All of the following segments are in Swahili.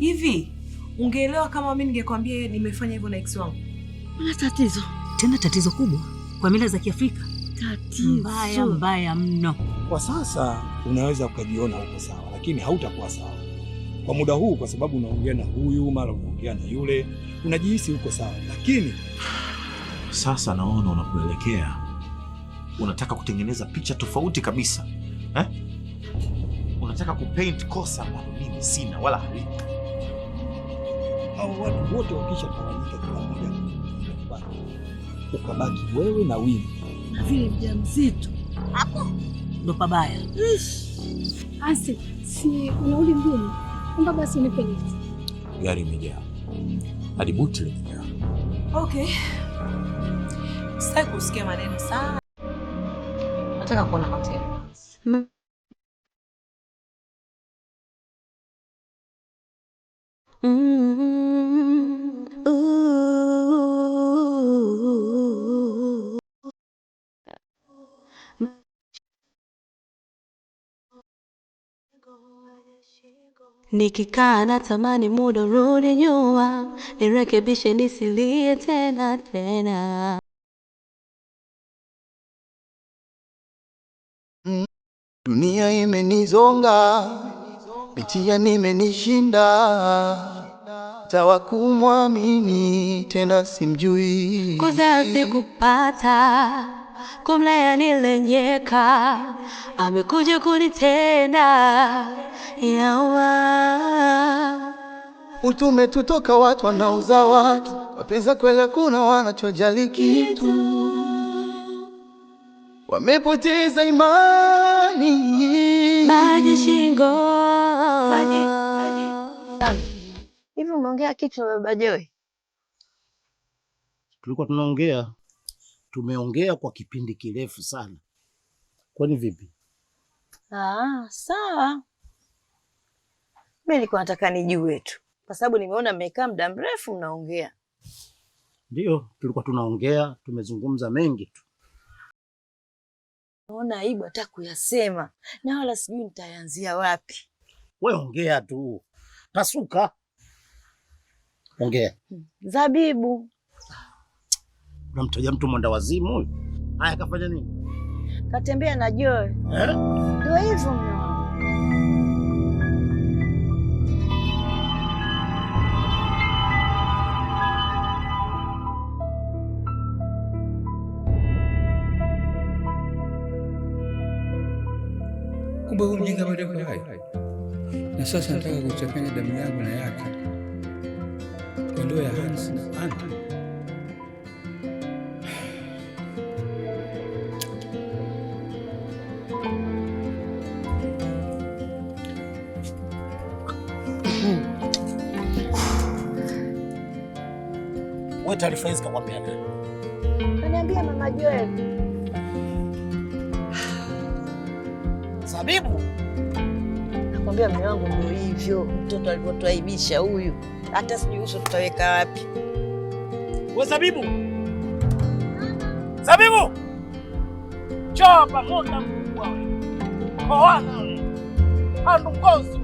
Hivi ungeelewa kama mimi ningekwambia nimefanya hivyo na ex wangu? Una tatizo tena, tatizo kubwa kwa mila za Kiafrika, tatizo mbaya mbaya mno. Kwa sasa unaweza ukajiona uko sawa, lakini hautakuwa sawa kwa muda huu, kwa sababu unaongea na huyu mara unaongea na yule, unajihisi uko sawa, lakini sasa naona unakuelekea, unataka kutengeneza picha tofauti kabisa eh? Unataka kupaint kosa ambalo mimi sina wala halipo au watu wote tawanyika kila mmoja ukabaki wewe na wingi vile mjamzito, hapo ndo pabaya. Asi, si unauli mbili kwamba basi unipe lifti. Gari imejaa hadi buti limejaa. Okay, sitaki kusikia maneno sana, nataka kuona hoteli. Nikikaa tamani muda rudi nyuma, nirekebishe nisilie tena tena. Mm. Dunia imenizonga, mitia nimenishinda, tawakumwamini tena simjui kuzazi kupata kumla nilenyeka, amekuja kunitenda yawa utume tutoka watu wanauza watu wapenza kwele kuna wanachojali kitu, wamepoteza imani. Maji shingo hivi, umeongea kitu Babajoe? Tulikuwa tunaongea tumeongea kwa kipindi kirefu sana. Kwani vipi? Ah, sawa. Mimi nilikuwa nataka nijue tu, kwa sababu nimeona mmekaa muda mrefu mnaongea. Ndio, tulikuwa tunaongea, tumezungumza mengi tu. Naona aibu hata kuyasema, na wala sijui nitaanzia wapi. We ongea tu, pasuka, ongea. Hmm, Zabibu Namtaja mtu mwenda wazimu. Haya, kafanya nini? Katembea na Joy. Eh? Ndio hivyo kumbe huyu mjinga bado yuko hai, na sasa nataka kuchanganya damu yangu na yake kwa ya Hans na Anton. taarifa hizi kakwambia nani? Kaniambia Mama Joel. Sabibu, nakwambia mume wangu ndio hivyo, mtoto alivyotuaibisha huyu, hata sijui uso tutaweka wapi. Wewe Sabibu, Sabibu, Chapa hapa, monda mkubwa wewe, koana wewe,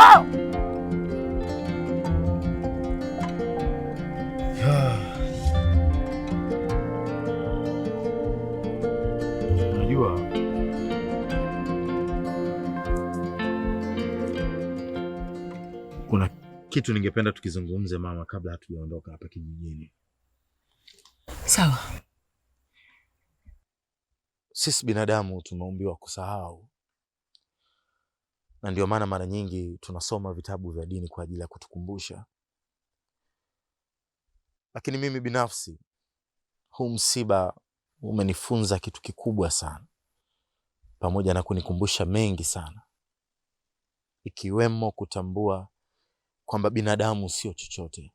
Unajua kuna kitu ningependa tukizungumze mama, kabla hatujaondoka hapa kijijini. Sawa, sisi binadamu tumeumbiwa kusahau na ndio maana mara nyingi tunasoma vitabu vya dini kwa ajili ya kutukumbusha. Lakini mimi binafsi, huu msiba umenifunza kitu kikubwa sana, pamoja na kunikumbusha mengi sana, ikiwemo kutambua kwamba binadamu sio chochote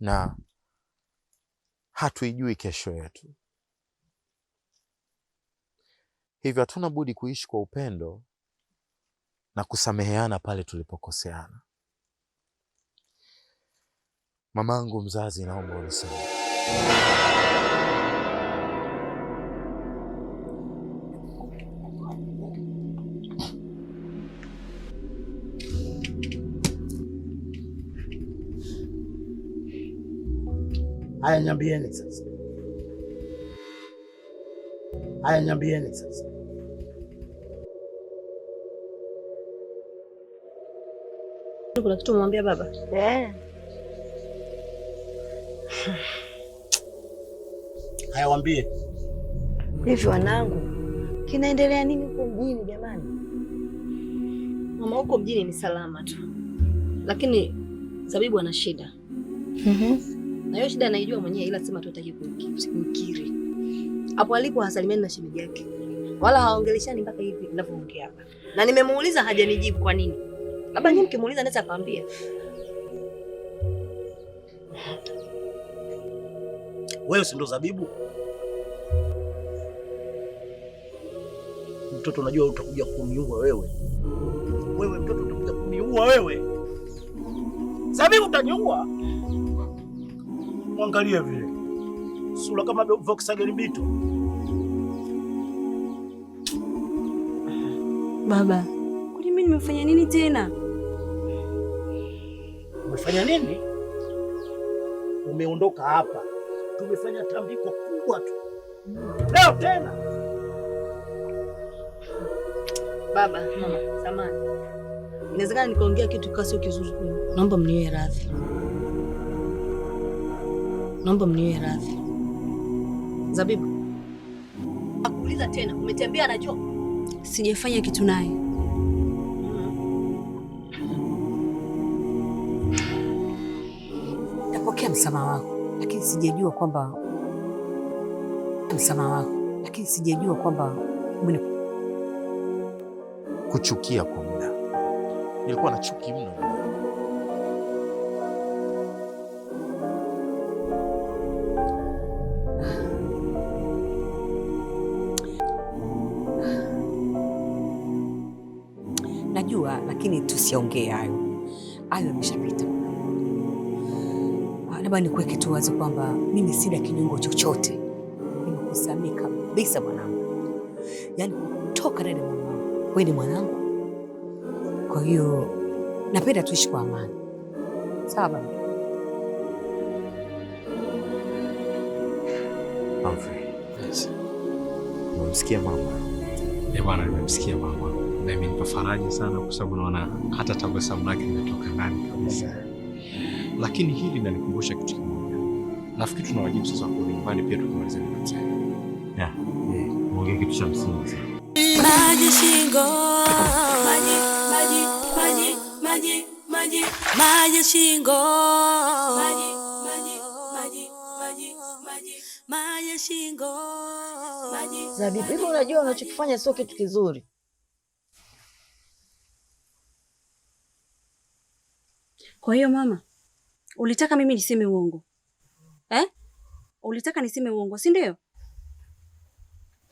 na hatuijui kesho yetu, hivyo hatuna budi kuishi kwa upendo na kusameheana pale tulipokoseana. Mamangu mzazi, naomba unisamehe. Haya, nyambieni sasa. Haya, nyambieni sasa. kuna kitu umwambia baba yeah. Haya, wambie. hivi. Wanangu, kinaendelea nini huko mjini jamani? Mama, huko mjini ni salama tu, lakini Zabibu ana shida mm -hmm. na hiyo shida anaijua mwenyewe, ila sema tutaki kumkiri hapo alipo. Hasalimiani na shemeji yake wala haongeleshani mpaka hivi ninavyoongea hapa, na nimemuuliza hajanijibu kwa nini Baba nyinyi mkimuuliza anaweza akwambia. Wewe si ndo zabibu? Mtoto unajua utakuja kuniua wewe. Wewe mtoto utakuja kuniua wewe. Zabibu utaniua. Mwangalie vile. Sura kama Volkswagen Beetle. Baba, kwani mimi nimefanya nini tena? Umefanya nini? Umeondoka hapa, tumefanya tambiko kubwa tu. Leo tena baba, mama, samani, inawezekana nikaongea kitu kikawa sio kizuri, naomba mniwe radhi, naomba mniwe radhi. Zabibu, akuuliza tena, umetembea na Sijafanya kitu naye msamaha wako, lakini sijajua kwamba msamaha wako, lakini sijajua kwamba kuchukia kwa muda nilikuwa na chuki mno. Najua, lakini tusiongee hayo, hayo yameshapita labda nikuweke tu wazi kwamba mimi sina kinyongo chochote, nimekusamii kabisa mwanangu, yaani kutoka ndani ya moyo wangu wewe ni mwanangu. Kwa hiyo napenda tuishi kwa amani, sawa baba? Yes. Umemsikia mama? Eh bwana, nimemsikia mama na imenipa faraja sana, kwa sababu naona hata tabasamu lake linatoka ndani kabisa. Lakini hili linanikumbusha kitu kimoja, nafikiri tuna wajibu sasa kwa nyumbani pia, tukimalizana na mzee ongea kitu cha msingi. Maji shingo, maji, maji, maji, maji, maji, maji shingo, maji, maji, maji, maji, maji, maji shingo. Maji. Zabibu, hivi unajua unachokifanya sio kitu kizuri. Kwa hiyo mama Ulitaka mimi niseme uongo eh? Ulitaka niseme uongo si ndio?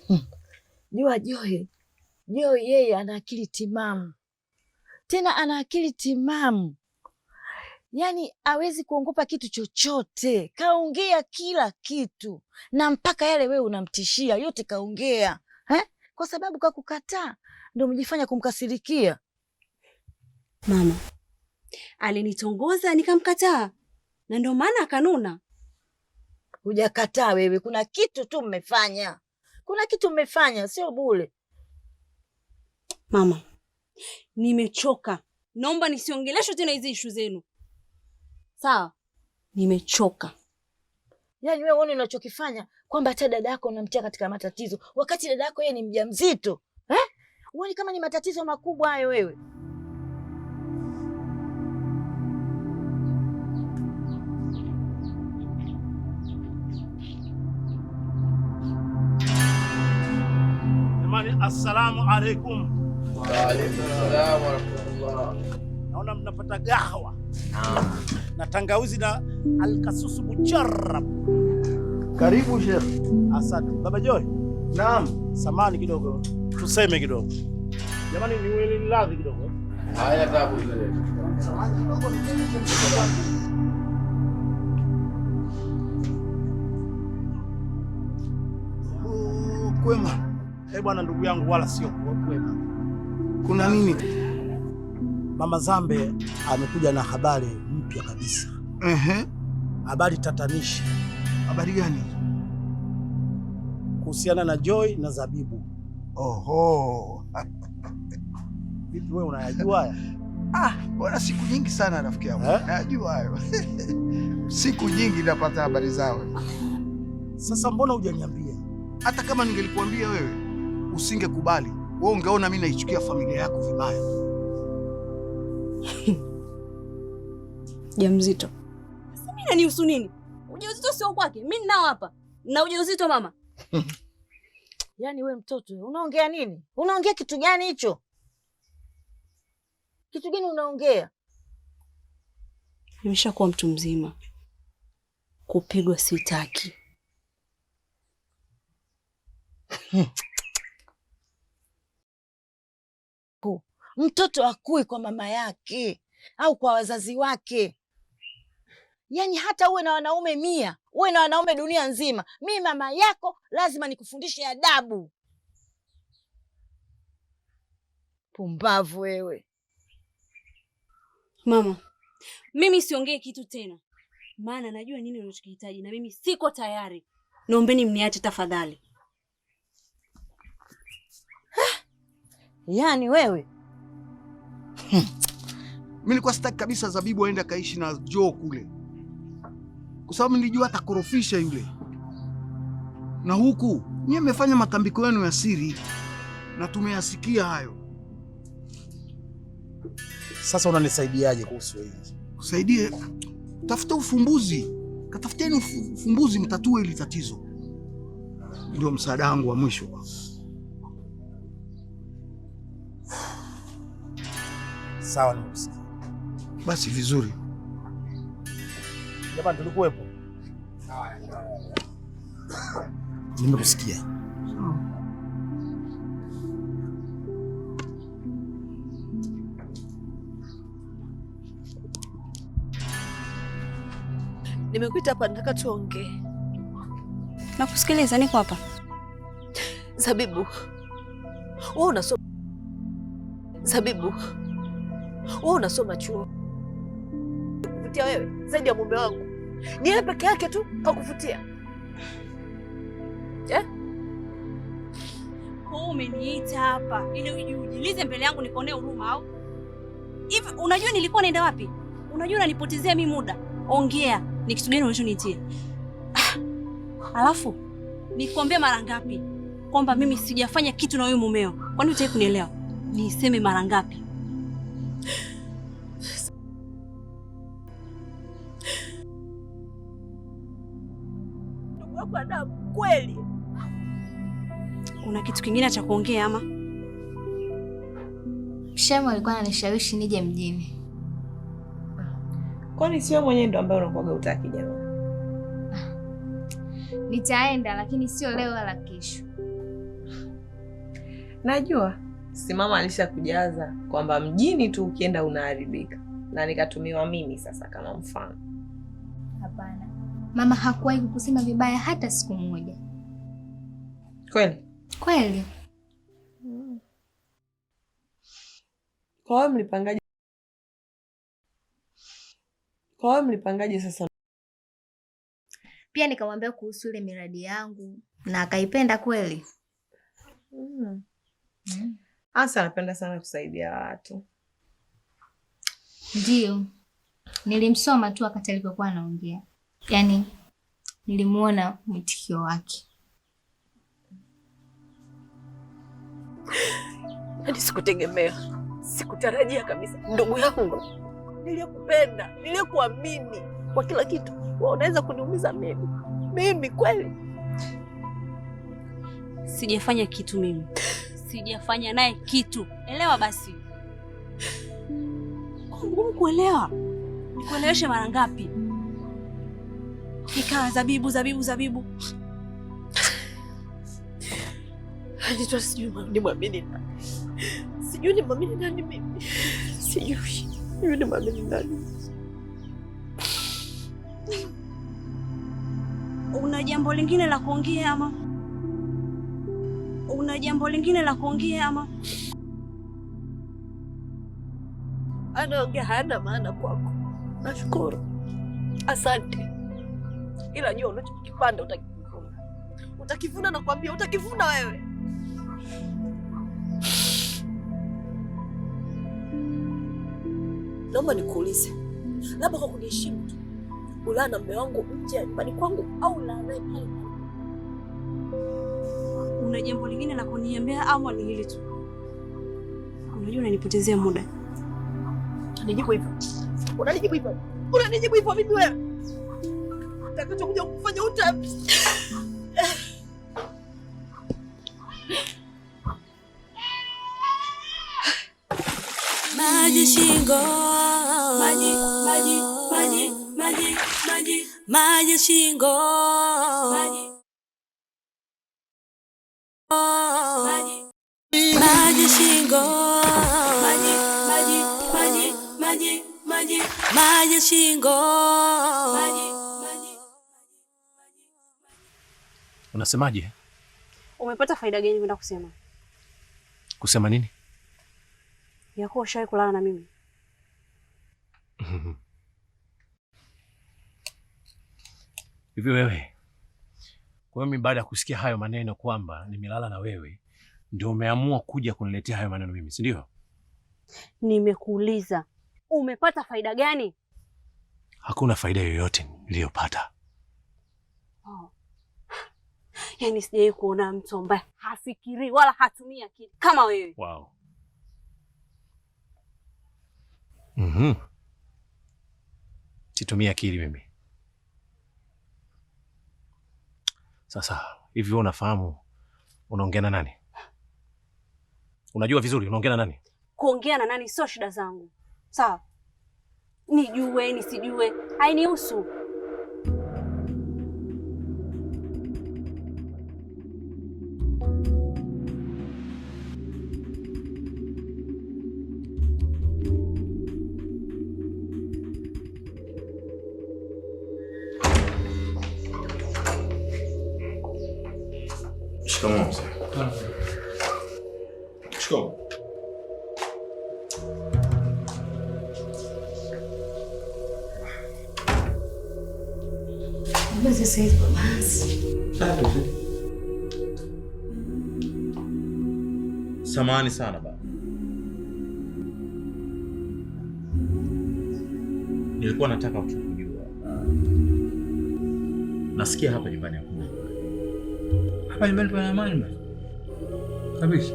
Hmm. Jua hmm. Joe Joe yeye ana akili timamu, tena ana akili timamu, yaani awezi kuongopa kitu chochote. Kaongea kila kitu na mpaka yale wewe unamtishia yote kaongea eh? Kwa sababu kakukataa ndio mjifanya kumkasirikia mama Alinitongoza nikamkataa, na ndio maana akanuna. Hujakataa wewe, kuna kitu tu mmefanya, kuna kitu mmefanya, sio bure. Mama, nimechoka, naomba nisiongeleshwe tena hizi ishu zenu, sawa? Nimechoka. Yaani wewe uone unachokifanya kwamba hata dada yako unamtia katika matatizo, wakati dada yako yeye ni mjamzito eh? Uone kama ni matatizo makubwa hayo wewe. assalamu alaikum. Wa alaikum salamu wa rahmatullah. Naona mnapata gahwa na tangawizi na alkasusu mujarab. Karibu Sheikh. Asante Baba Joy. Naam, samani kidogo, tuseme kidogo jamani, niweni radhi kidogo. Haya, tabu zile. Samani kidogo kwema Tafadhali bwana, ndugu yangu, wala sio kwema. Kuna nini? Mama Zambe amekuja na habari mpya kabisa. Ehe. Habari tatanishi. Habari gani? Kuhusiana na Joy na Zabibu. Oho. Vipi wewe unayajua haya? Ah, bwana siku nyingi sana rafiki yangu. Eh? Najua hayo. Siku nyingi napata habari zao. Sasa mbona hujaniambia? Hata kama ningelikuambia wewe usingekubali wewe, ungeona mimi naichukia familia yako vibaya. Jamzito, mimi nanihusu nini? Ujauzito sio kwake, mimi ninao hapa na ujauzito mama. Yaani we mtoto unaongea nini? Unaongea kitu gani hicho? Kitu gani unaongea? Nimeshakuwa mtu mzima, kupigwa sitaki. Mtoto akui kwa mama yake au kwa wazazi wake. Yaani hata uwe na wanaume mia, uwe na wanaume dunia nzima, mi mama yako lazima nikufundishe adabu. Pumbavu wewe! Mama, mimi siongee kitu tena, maana najua nini unachokihitaji na mimi siko tayari. Naombeni mniache tafadhali. Yaani wewe Hmm. Mimi nilikuwa sitaki kabisa Zabibu aende akaishi na Joe kule, kwa sababu nilijua atakorofisha yule. Na huku nyie mmefanya matambiko yenu ya siri na tumeyasikia hayo. Sasa unanisaidiaje kuhusu hili? Kusaidie, tafuta ufumbuzi, katafuteni ufumbuzi, mtatue hili tatizo. Ndio msaada wangu wa mwisho. Sawa, nikusikia. Basi vizuri. Jamani, tulikuwepo. Nimekusikia. Nimekuita hapa nataka tuongee. Nakusikiliza, niko hapa. Zabibu. Wewe unasoma Zabibu. Wewe unasoma chuo kuvutia wewe zaidi ya mume wangu? Ni yeye peke yake tu kakuvutia eh? Kwa umeniita hapa ili ujiulize mbele yangu nikuonee huruma au hivi? Unajua nilikuwa naenda wapi? Unajua unanipotezea mi muda. Ongea, ni kitu gani Ah, Alafu nikuambia mara ngapi kwamba mimi sijafanya kitu na huyu mumeo? Kwani utaki kunielewa? Niseme mara ngapi? kweli una kitu kingine cha kuongea ama? Shemu alikuwa ananishawishi nije mjini. Kwani sio mwenyewe ndo ambaye unakuaga utaki jamaa? Nitaenda lakini sio leo wala kesho. Najua simama alishakujaza kwamba mjini tu ukienda unaharibika, na nikatumiwa mimi sasa kama mfano. Hapana, mama hakuwahi kukusema vibaya hata siku moja. Kweli kweli. Kwa hiyo mlipangaje? Kwa mlipangaje sasa? Pia nikamwambia kuhusu ile miradi yangu na akaipenda kweli. Mm. Mm. Asa anapenda sana kusaidia watu. Ndio, nilimsoma tu wakati alipokuwa anaongea, yaani nilimwona mwitikio wake. Hadi yaani sikutegemea, sikutarajia kabisa. Ndugu yangu niliyekupenda, niliyekuamini kwa kila kitu, wewe unaweza kuniumiza mimi? Mimi kweli sijafanya kitu mimi sijafanya naye kitu, elewa. Basi ngumu kuelewa, nikueleweshe mara ngapi? Kikaa zabibu zabibu zabibu, alitwa sijui nimwamini nani, sijui nimwamini nani mimi, sijui sijui mwamini nani. Una jambo lingine la kuongea ama kuna jambo lingine la kuongea ama anaongea hayana maana kwako? Nashukuru, asante, ila jua unachokipanda utakivuna, utakivuna. Nakwambia utakivuna wewe. Naomba nikuulize, labda kwa kuniheshimu tu, ulaa na mume wangu nje ya nyumbani kwangu au ulaa kuna jambo lingine la kuniambia au ni hili tu? Unajua unanipotezea muda. Unanijibu hivyo. Unanijibu hivyo. Unanijibu hivyo vipi wewe? kuja kufanya uta maji shingo, maji, maji, maji, maji, maji, maji shingo, maji maji shingo. Unasemaje? Umepata faida gani kwenda kusema? Kusema nini? Ya kuwa ushawahi kulala na mimi. Hivi wewe, kwa hiyo mimi baada ya kusikia hayo maneno kwamba nimelala na wewe ndio umeamua kuja kuniletea hayo maneno mimi, si ndio? Nimekuuliza umepata faida gani? Hakuna faida yoyote niliyopata. Oh. Yaani sijawahi kuona mtu ambaye hafikiri wala hatumii akili kama wewe. Wow. Mm-hmm. Situmii akili mimi. Sasa hivi unafahamu unaongea na nani? Unajua vizuri unaongea na nani? Kuongea na nani sio shida zangu sawa, nijue nisijue, hainihusu. Shikamoo. Samani sana ba. nilikuwa nataka kujua. Nasikia hapa nyumbani hakuna hapa nyumbani pana amani ba. kabisa.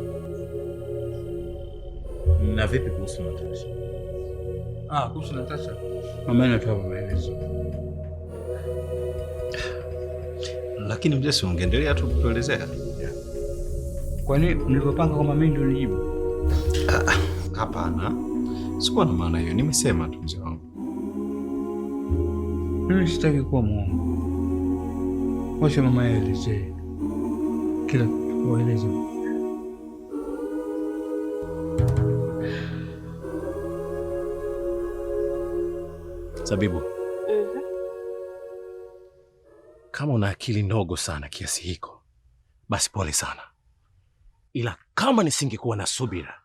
Na vipi kuhusu Natasha? Ah, kuhusu Natasha mama anatoa maelezo lakini mzee, si ungeendelea tu kutuelezea kwa nini mlivyopanga kwamba mimi ndio nijibu? Ah, hapana, sikuwa na maana hiyo, nimesema tu mzee wangu, mimi sitaki kuwa mwongo. Wacha mama aelezee kila kitu, waeleze Zabibu. Kama una akili ndogo sana kiasi hiko, basi pole sana, ila kama nisingekuwa na subira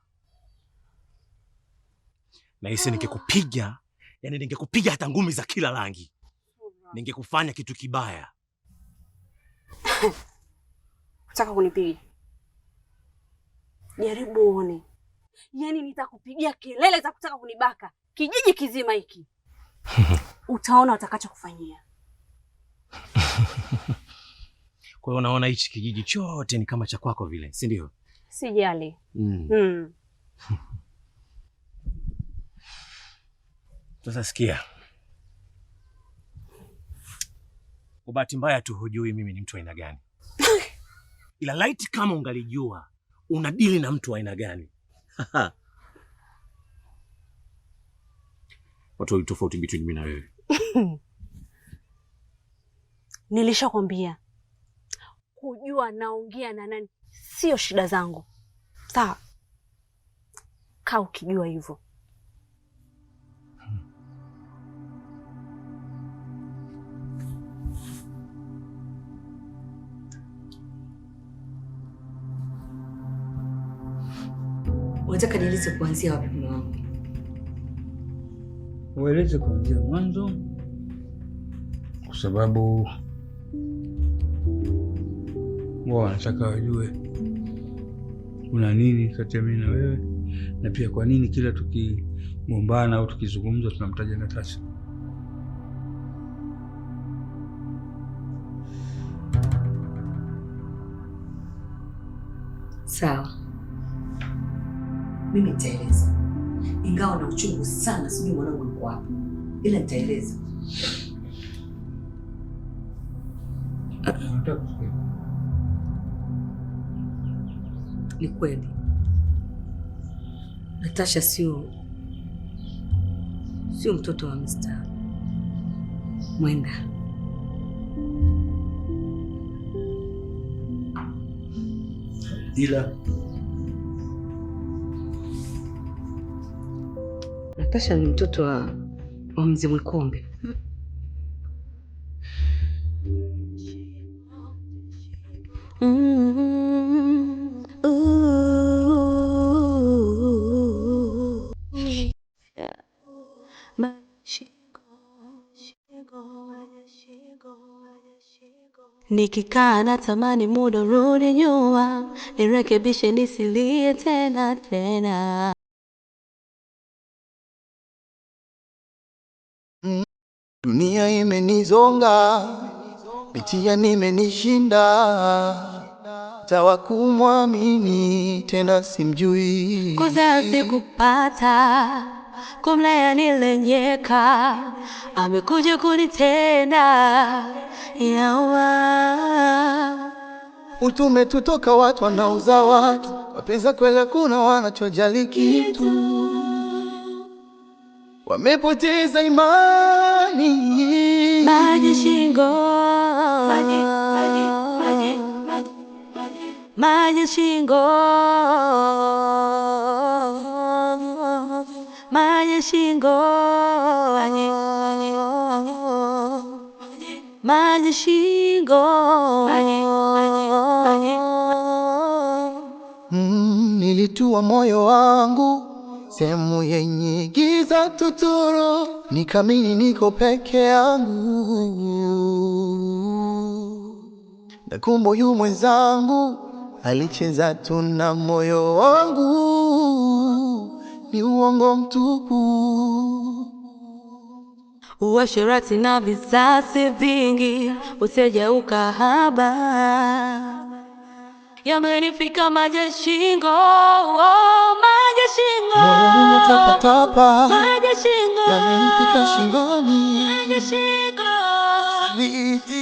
na hisi ningekupiga, yani ningekupiga hata ngumi za kila rangi, ningekufanya kitu kibaya. Nataka kunipiga? Jaribu uone. Yani nitakupigia kelele za kutaka kunibaka kijiji kizima hiki, utaona watakachokufanyia. Kwa hiyo unaona hichi kijiji chote ni kama cha kwako vile, si ndio? Sijali. Mm. Mm. sikia, kwa bahati mbaya tu hujui mimi ni mtu aina gani, ila laiti kama ungalijua unadili na mtu aina gani watu tofauti between mimi na wewe Nilishakwambia kujua naongea na nani sio shida zangu, sawa? Kaa ukijua hivyo. Unataka nieleze kuanzia wapi mume wangu? Ueleze kuanzia mwanzo, kwa sababu wao wanataka wajue kuna nini kati ya mimi na wewe, na pia kwa nini kila tukigombana au tukizungumza tunamtaja Natasha. Sawa, mimi nitaeleza, ingawa na uchungu sana, sijui mwanangu yuko wapi, ila nitaeleza. Ni kweli Natasha sio sio mtoto wa Mr. Mwenda. Ila Natasha ni mtoto wa, wa Mzee Mwikombe. Mm. Nikikaa tamani muda rudi nyuma, nirekebishe nisilie tena tena. Dunia imenizonga, mitia nimenishinda, tawakumwamini tena simjui, kuzazi kupata kumla yanilenyeka, amekuja kunitenda yawa utume tutoka watu wanauza watu wapenza kwela, kuna wanachojali kitu, wamepoteza imani maji shingo, maji, maji, maji, maji, maji shingo shingo maji shingo mm, nilitua moyo wangu sehemu yenye giza tuturo nikamini niko peke yangu, na kumbe yu mwenzangu alicheza tuna moyo wangu ni uongo mtupu. Uasherati na visasi vingi, useja ukahaba, yamenifika maji shingo, oh, maji shingo, tapatapa, maji shingo, yamenifika shingoni, maji shingo viti